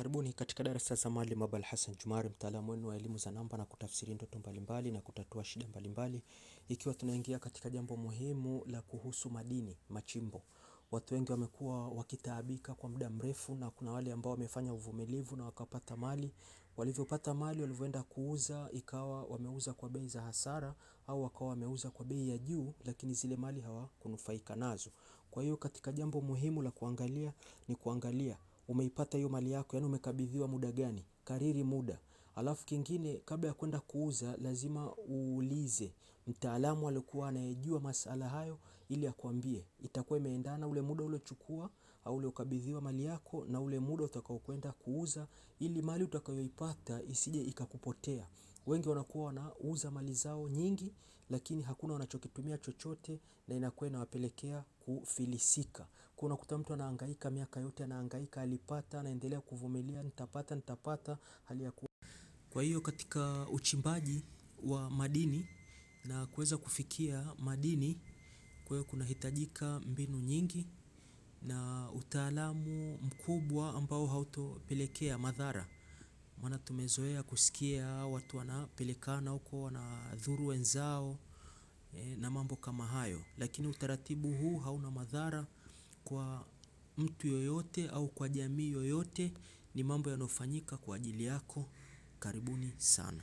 Karibuni katika darasa za Mwalimu Abul Hassan Jumari, mtaalamu wenu wa elimu za namba na kutafsiri ndoto mbalimbali na kutatua shida mbalimbali, ikiwa tunaingia katika jambo muhimu la kuhusu madini machimbo. Watu wengi wamekuwa wakitaabika kwa muda mrefu, na kuna wale ambao wamefanya uvumilivu na wakapata mali. Walivyopata mali, walivyoenda kuuza, ikawa wameuza kwa bei za hasara, au wakawa wameuza kwa bei ya juu, lakini zile mali hawakunufaika nazo. Kwa hiyo katika jambo muhimu la kuangalia ni kuangalia umeipata hiyo mali yako, yani umekabidhiwa muda gani, kariri muda. Alafu kingine, kabla ya kwenda kuuza, lazima uulize mtaalamu alikuwa anayejua masala hayo, ili akwambie itakuwa imeendana ule muda uliochukua au uliokabidhiwa mali yako na ule muda utakaokwenda kuuza, ili mali utakayoipata isije ikakupotea. Wengi wanakuwa wanauza mali zao nyingi, lakini hakuna wanachokitumia chochote na inakuwa inawapelekea kufilisika unakuta mtu anahangaika miaka yote anahangaika, alipata, anaendelea kuvumilia, nitapata, nitapata, hali ya kuwa. Kwa hiyo katika uchimbaji wa madini na kuweza kufikia madini kwa hiyo kunahitajika mbinu nyingi na utaalamu mkubwa ambao hautopelekea madhara. Maana tumezoea kusikia watu wanapelekana huko wanadhuru wenzao eh, na mambo kama hayo. Lakini utaratibu huu hauna madhara kwa mtu yoyote au kwa jamii yoyote ni mambo yanofanyika kwa ajili yako. Karibuni sana.